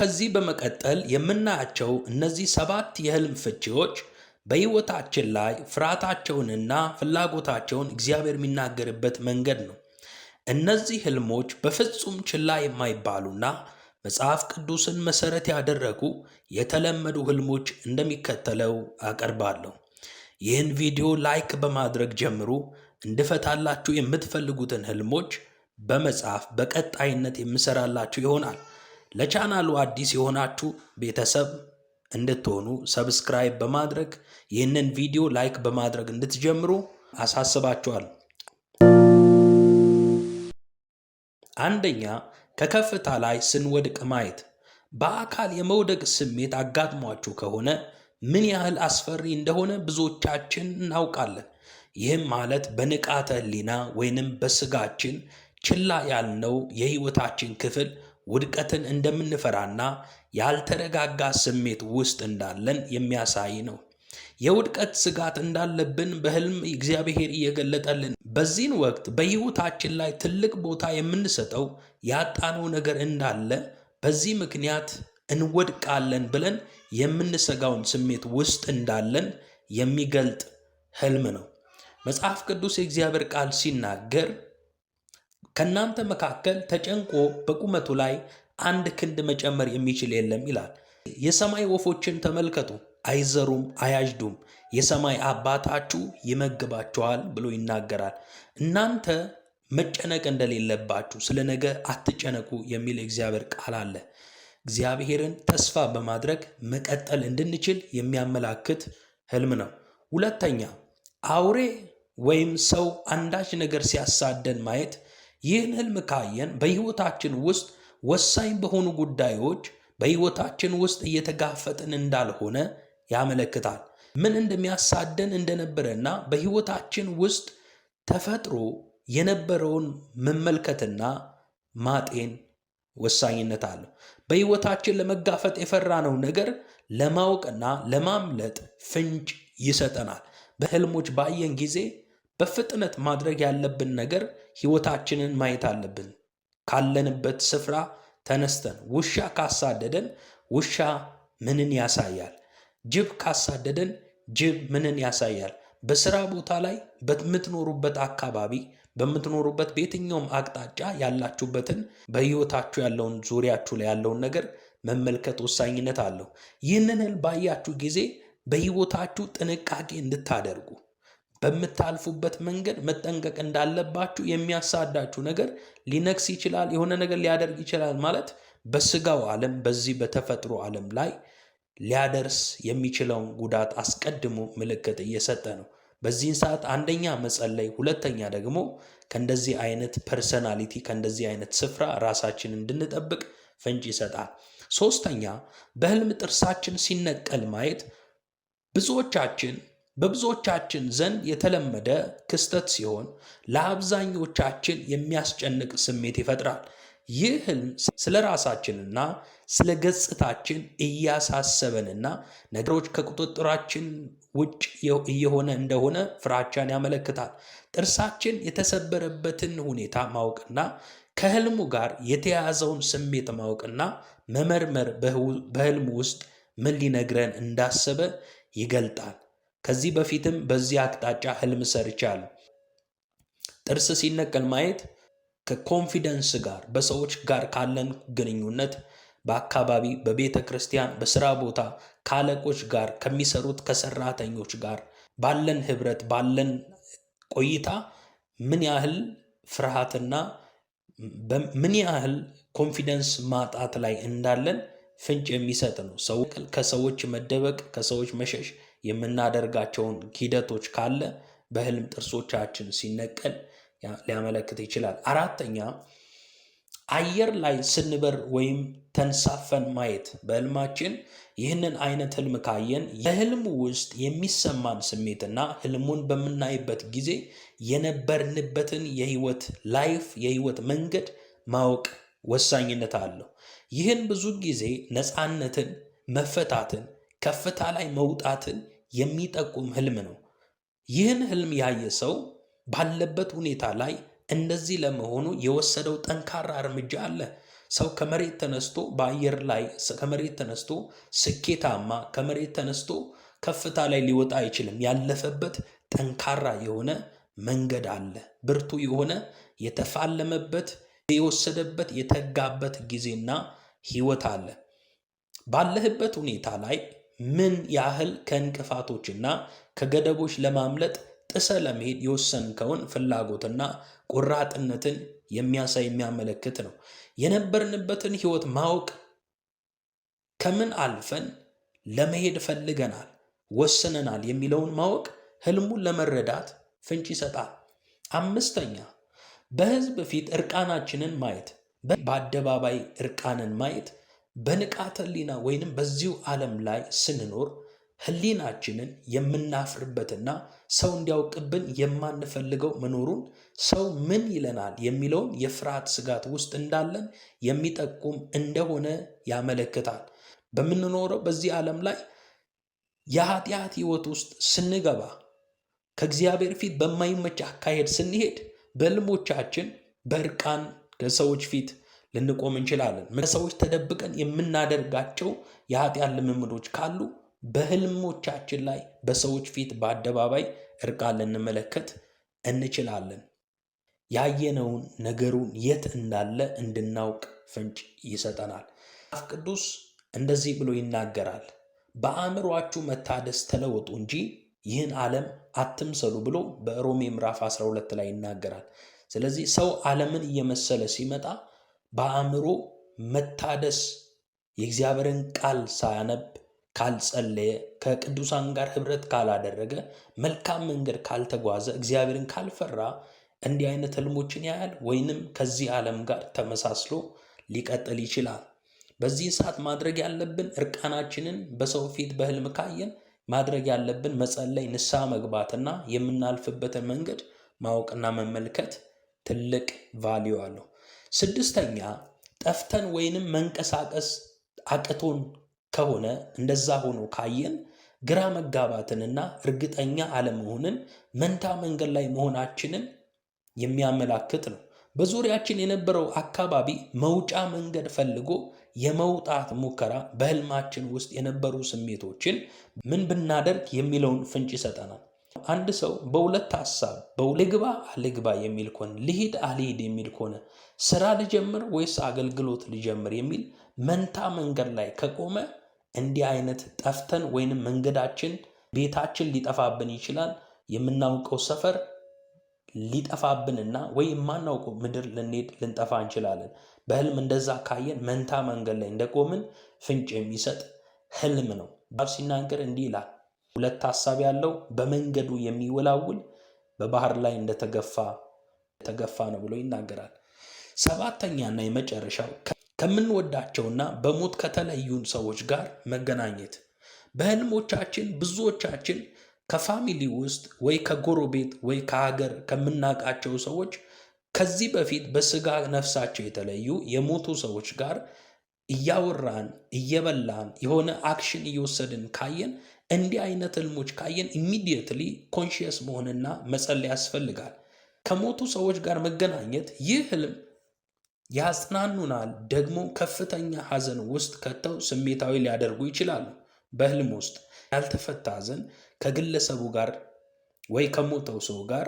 ከዚህ በመቀጠል የምናያቸው እነዚህ ሰባት የህልም ፍቺዎች በሕይወታችን ላይ ፍርሃታቸውንና ፍላጎታቸውን እግዚአብሔር የሚናገርበት መንገድ ነው። እነዚህ ህልሞች በፍጹም ችላ የማይባሉና መጽሐፍ ቅዱስን መሠረት ያደረጉ የተለመዱ ህልሞች እንደሚከተለው አቀርባለሁ። ይህን ቪዲዮ ላይክ በማድረግ ጀምሩ። እንድፈታላችሁ የምትፈልጉትን ህልሞች በመጽሐፍ በቀጣይነት የምሰራላችሁ ይሆናል። ለቻናሉ አዲስ የሆናችሁ ቤተሰብ እንድትሆኑ ሰብስክራይብ በማድረግ ይህንን ቪዲዮ ላይክ በማድረግ እንድትጀምሩ አሳስባችኋል። አንደኛ ከከፍታ ላይ ስንወድቅ ማየት። በአካል የመውደቅ ስሜት አጋጥሟችሁ ከሆነ ምን ያህል አስፈሪ እንደሆነ ብዙዎቻችን እናውቃለን። ይህም ማለት በንቃተ ሕሊና ወይንም በስጋችን ችላ ያልነው የህይወታችን ክፍል ውድቀትን እንደምንፈራና ያልተረጋጋ ስሜት ውስጥ እንዳለን የሚያሳይ ነው። የውድቀት ስጋት እንዳለብን በሕልም እግዚአብሔር እየገለጠልን፣ በዚህን ወቅት በሕይወታችን ላይ ትልቅ ቦታ የምንሰጠው ያጣነው ነገር እንዳለ በዚህ ምክንያት እንወድቃለን ብለን የምንሰጋውን ስሜት ውስጥ እንዳለን የሚገልጥ ሕልም ነው። መጽሐፍ ቅዱስ የእግዚአብሔር ቃል ሲናገር ከእናንተ መካከል ተጨንቆ በቁመቱ ላይ አንድ ክንድ መጨመር የሚችል የለም ይላል። የሰማይ ወፎችን ተመልከቱ፣ አይዘሩም፣ አያጅዱም፣ የሰማይ አባታችሁ ይመግባቸዋል ብሎ ይናገራል። እናንተ መጨነቅ እንደሌለባችሁ ስለ ነገ አትጨነቁ የሚል እግዚአብሔር ቃል አለ። እግዚአብሔርን ተስፋ በማድረግ መቀጠል እንድንችል የሚያመላክት ህልም ነው። ሁለተኛ አውሬ ወይም ሰው አንዳች ነገር ሲያሳደን ማየት ይህን ህልም ካየን በሕይወታችን ውስጥ ወሳኝ በሆኑ ጉዳዮች በሕይወታችን ውስጥ እየተጋፈጥን እንዳልሆነ ያመለክታል። ምን እንደሚያሳደን እንደነበረና በሕይወታችን ውስጥ ተፈጥሮ የነበረውን መመልከትና ማጤን ወሳኝነት አለው። በሕይወታችን ለመጋፈጥ የፈራነው ነገር ለማወቅና ለማምለጥ ፍንጭ ይሰጠናል። በህልሞች ባየን ጊዜ በፍጥነት ማድረግ ያለብን ነገር ሕይወታችንን ማየት አለብን። ካለንበት ስፍራ ተነስተን ውሻ ካሳደደን ውሻ ምንን ያሳያል? ጅብ ካሳደደን ጅብ ምንን ያሳያል? በስራ ቦታ ላይ በምትኖሩበት አካባቢ በምትኖሩበት በየትኛውም አቅጣጫ ያላችሁበትን በሕይወታችሁ ያለውን ዙሪያችሁ ላይ ያለውን ነገር መመልከት ወሳኝነት አለው። ይህንን ባያችሁ ጊዜ በሕይወታችሁ ጥንቃቄ እንድታደርጉ በምታልፉበት መንገድ መጠንቀቅ እንዳለባችሁ የሚያሳዳችሁ ነገር ሊነግስ ይችላል፣ የሆነ ነገር ሊያደርግ ይችላል ማለት በስጋው ዓለም በዚህ በተፈጥሮ ዓለም ላይ ሊያደርስ የሚችለውን ጉዳት አስቀድሞ ምልክት እየሰጠ ነው። በዚህን ሰዓት አንደኛ መጸለይ፣ ሁለተኛ ደግሞ ከእንደዚህ አይነት ፐርሰናሊቲ ከእንደዚህ አይነት ስፍራ ራሳችን እንድንጠብቅ ፍንጭ ይሰጣል። ሶስተኛ በህልም ጥርሳችን ሲነቀል ማየት ብዙዎቻችን በብዙዎቻችን ዘንድ የተለመደ ክስተት ሲሆን ለአብዛኞቻችን የሚያስጨንቅ ስሜት ይፈጥራል። ይህ ህልም ስለ ራሳችንና ስለ ገጽታችን እያሳሰበንና ነገሮች ከቁጥጥራችን ውጭ እየሆነ እንደሆነ ፍራቻን ያመለክታል። ጥርሳችን የተሰበረበትን ሁኔታ ማወቅና ከህልሙ ጋር የተያያዘውን ስሜት ማወቅና መመርመር በህልሙ ውስጥ ምን ሊነግረን እንዳሰበ ይገልጣል። ከዚህ በፊትም በዚህ አቅጣጫ ህልም ሰርቻለሁ። ጥርስ ሲነቀል ማየት ከኮንፊደንስ ጋር በሰዎች ጋር ካለን ግንኙነት በአካባቢ፣ በቤተ ክርስቲያን፣ በስራ ቦታ ከአለቆች ጋር ከሚሰሩት ከሰራተኞች ጋር ባለን ህብረት ባለን ቆይታ ምን ያህል ፍርሃትና ምን ያህል ኮንፊደንስ ማጣት ላይ እንዳለን ፍንጭ የሚሰጥ ነው። ሰው ከሰዎች መደበቅ፣ ከሰዎች መሸሽ የምናደርጋቸውን ሂደቶች ካለ በህልም ጥርሶቻችን ሲነቀል ሊያመለክት ይችላል። አራተኛ አየር ላይ ስንበር ወይም ተንሳፈን ማየት በህልማችን ይህንን አይነት ህልም ካየን በህልም ውስጥ የሚሰማን ስሜትና ህልሙን በምናይበት ጊዜ የነበርንበትን የህይወት ላይፍ የህይወት መንገድ ማወቅ ወሳኝነት አለው። ይህን ብዙ ጊዜ ነፃነትን፣ መፈታትን፣ ከፍታ ላይ መውጣትን የሚጠቁም ህልም ነው። ይህን ህልም ያየ ሰው ባለበት ሁኔታ ላይ እንደዚህ ለመሆኑ የወሰደው ጠንካራ እርምጃ አለ። ሰው ከመሬት ተነስቶ በአየር ላይ ከመሬት ተነስቶ ስኬታማ ከመሬት ተነስቶ ከፍታ ላይ ሊወጣ አይችልም። ያለፈበት ጠንካራ የሆነ መንገድ አለ። ብርቱ የሆነ የተፋለመበት የወሰደበት የተጋበት ጊዜና ህይወት አለ። ባለህበት ሁኔታ ላይ ምን ያህል ከእንቅፋቶችና ከገደቦች ለማምለጥ ጥሰ ለመሄድ የወሰንከውን ፍላጎትና ቆራጥነትን የሚያሳይ የሚያመለክት ነው። የነበርንበትን ሕይወት ማወቅ ከምን አልፈን ለመሄድ ፈልገናል፣ ወስነናል የሚለውን ማወቅ ህልሙን ለመረዳት ፍንጭ ይሰጣል። አምስተኛ በህዝብ ፊት እርቃናችንን ማየት፣ በአደባባይ እርቃንን ማየት በንቃተ ህሊና ወይንም በዚሁ ዓለም ላይ ስንኖር ህሊናችንን የምናፍርበትና ሰው እንዲያውቅብን የማንፈልገው መኖሩን ሰው ምን ይለናል የሚለውን የፍርሃት ስጋት ውስጥ እንዳለን የሚጠቁም እንደሆነ ያመለክታል። በምንኖረው በዚህ ዓለም ላይ የኃጢአት ህይወት ውስጥ ስንገባ ከእግዚአብሔር ፊት በማይመች አካሄድ ስንሄድ በልሞቻችን በእርቃን ከሰዎች ፊት ልንቆም እንችላለን። ሰዎች ተደብቀን የምናደርጋቸው የኃጢአት ልምምዶች ካሉ በህልሞቻችን ላይ በሰዎች ፊት በአደባባይ እርቃ ልንመለከት እንችላለን። ያየነውን ነገሩን የት እንዳለ እንድናውቅ ፍንጭ ይሰጠናል። መጽሐፍ ቅዱስ እንደዚህ ብሎ ይናገራል፣ በአእምሯችሁ መታደስ ተለወጡ እንጂ ይህን ዓለም አትምሰሉ ብሎ በሮሜ ምዕራፍ 12 ላይ ይናገራል። ስለዚህ ሰው ዓለምን እየመሰለ ሲመጣ በአእምሮ መታደስ የእግዚአብሔርን ቃል ሳያነብ ካልጸለየ ከቅዱሳን ጋር ህብረት ካላደረገ መልካም መንገድ ካልተጓዘ እግዚአብሔርን ካልፈራ እንዲህ አይነት ህልሞችን ያያል ወይንም ከዚህ ዓለም ጋር ተመሳስሎ ሊቀጥል ይችላል። በዚህ ሰዓት ማድረግ ያለብን እርቃናችንን በሰው ፊት በህልም ካየን ማድረግ ያለብን መጸለይ፣ ንስሐ መግባትና የምናልፍበትን መንገድ ማወቅና መመልከት ትልቅ ቫሊዩ አለው። ስድስተኛ ጠፍተን ወይንም መንቀሳቀስ አቅቶን ከሆነ እንደዛ ሆኖ ካየን ግራ መጋባትንና እርግጠኛ አለመሆንን መንታ መንገድ ላይ መሆናችንን የሚያመላክት ነው። በዙሪያችን የነበረው አካባቢ መውጫ መንገድ ፈልጎ የመውጣት ሙከራ በህልማችን ውስጥ የነበሩ ስሜቶችን ምን ብናደርግ የሚለውን ፍንጭ ይሰጠናል። አንድ ሰው በሁለት ሀሳብ ልግባ አልግባ የሚል ከሆነ ልሂድ አልሂድ የሚል ከሆነ ስራ ልጀምር ወይስ አገልግሎት ልጀምር የሚል መንታ መንገድ ላይ ከቆመ እንዲህ አይነት ጠፍተን ወይንም መንገዳችን ቤታችን ሊጠፋብን ይችላል። የምናውቀው ሰፈር ሊጠፋብንና ወይ የማናውቀው ምድር ልንሄድ ልንጠፋ እንችላለን። በህልም እንደዛ ካየን መንታ መንገድ ላይ እንደቆምን ፍንጭ የሚሰጥ ህልም ነው። ሲናገር እንዲህ ይላል ሁለት ሀሳብ ያለው በመንገዱ የሚወላውል በባህር ላይ እንደተገፋ ተገፋ ነው ብሎ ይናገራል። ሰባተኛና የመጨረሻው ከምንወዳቸውና በሞት ከተለዩን ሰዎች ጋር መገናኘት። በህልሞቻችን ብዙዎቻችን ከፋሚሊ ውስጥ ወይ ከጎረቤት ወይ ከሀገር ከምናውቃቸው ሰዎች ከዚህ በፊት በስጋ ነፍሳቸው የተለዩ የሞቱ ሰዎች ጋር እያወራን እየበላን የሆነ አክሽን እየወሰድን ካየን እንዲህ አይነት ህልሞች ካየን ኢሚዲየትሊ ኮንሽየስ መሆንና መጸለይ ያስፈልጋል። ከሞቱ ሰዎች ጋር መገናኘት ይህ ህልም ያጽናኑናል፣ ደግሞ ከፍተኛ ሐዘን ውስጥ ከተው ስሜታዊ ሊያደርጉ ይችላሉ። በህልም ውስጥ ያልተፈታ ሐዘን ከግለሰቡ ጋር ወይ ከሞተው ሰው ጋር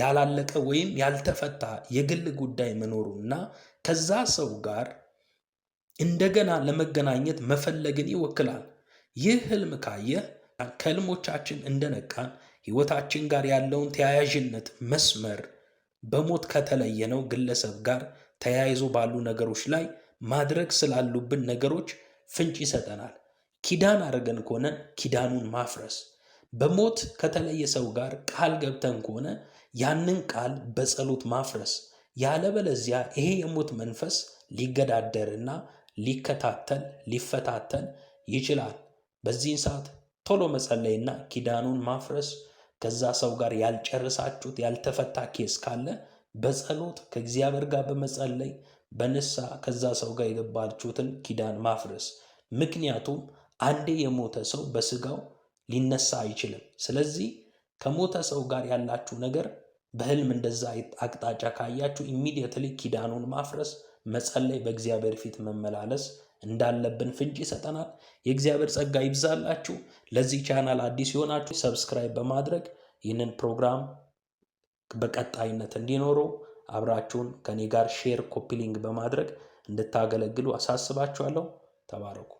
ያላለቀ ወይም ያልተፈታ የግል ጉዳይ መኖሩ እና ከዛ ሰው ጋር እንደገና ለመገናኘት መፈለግን ይወክላል። ይህ ህልም ካየህ ከህልሞቻችን እንደነቃን ህይወታችን ጋር ያለውን ተያያዥነት መስመር በሞት ከተለየነው ግለሰብ ጋር ተያይዞ ባሉ ነገሮች ላይ ማድረግ ስላሉብን ነገሮች ፍንጭ ይሰጠናል። ኪዳን አድርገን ከሆነ ኪዳኑን ማፍረስ፣ በሞት ከተለየ ሰው ጋር ቃል ገብተን ከሆነ ያንን ቃል በጸሎት ማፍረስ፣ ያለበለዚያ ይሄ የሞት መንፈስ ሊገዳደርና ሊከታተል ሊፈታተን ይችላል። በዚህን ሰዓት ቶሎ መጸለይና ኪዳኑን ማፍረስ ከዛ ሰው ጋር ያልጨረሳችሁት ያልተፈታ ኬስ ካለ በጸሎት ከእግዚአብሔር ጋር በመጸለይ በንሳ ከዛ ሰው ጋር የገባችሁትን ኪዳን ማፍረስ። ምክንያቱም አንዴ የሞተ ሰው በስጋው ሊነሳ አይችልም። ስለዚህ ከሞተ ሰው ጋር ያላችሁ ነገር በህልም እንደዛ አቅጣጫ ካያችሁ ኢሚዲየትሊ ኪዳኑን ማፍረስ፣ መጸለይ፣ በእግዚአብሔር ፊት መመላለስ እንዳለብን ፍንጭ ይሰጠናል። የእግዚአብሔር ጸጋ ይብዛላችሁ። ለዚህ ቻናል አዲስ የሆናችሁ ሰብስክራይብ በማድረግ ይህንን ፕሮግራም በቀጣይነት እንዲኖረው አብራችሁን ከኔ ጋር ሼር፣ ኮፒሊንግ በማድረግ እንድታገለግሉ አሳስባችኋለሁ። ተባረኩ።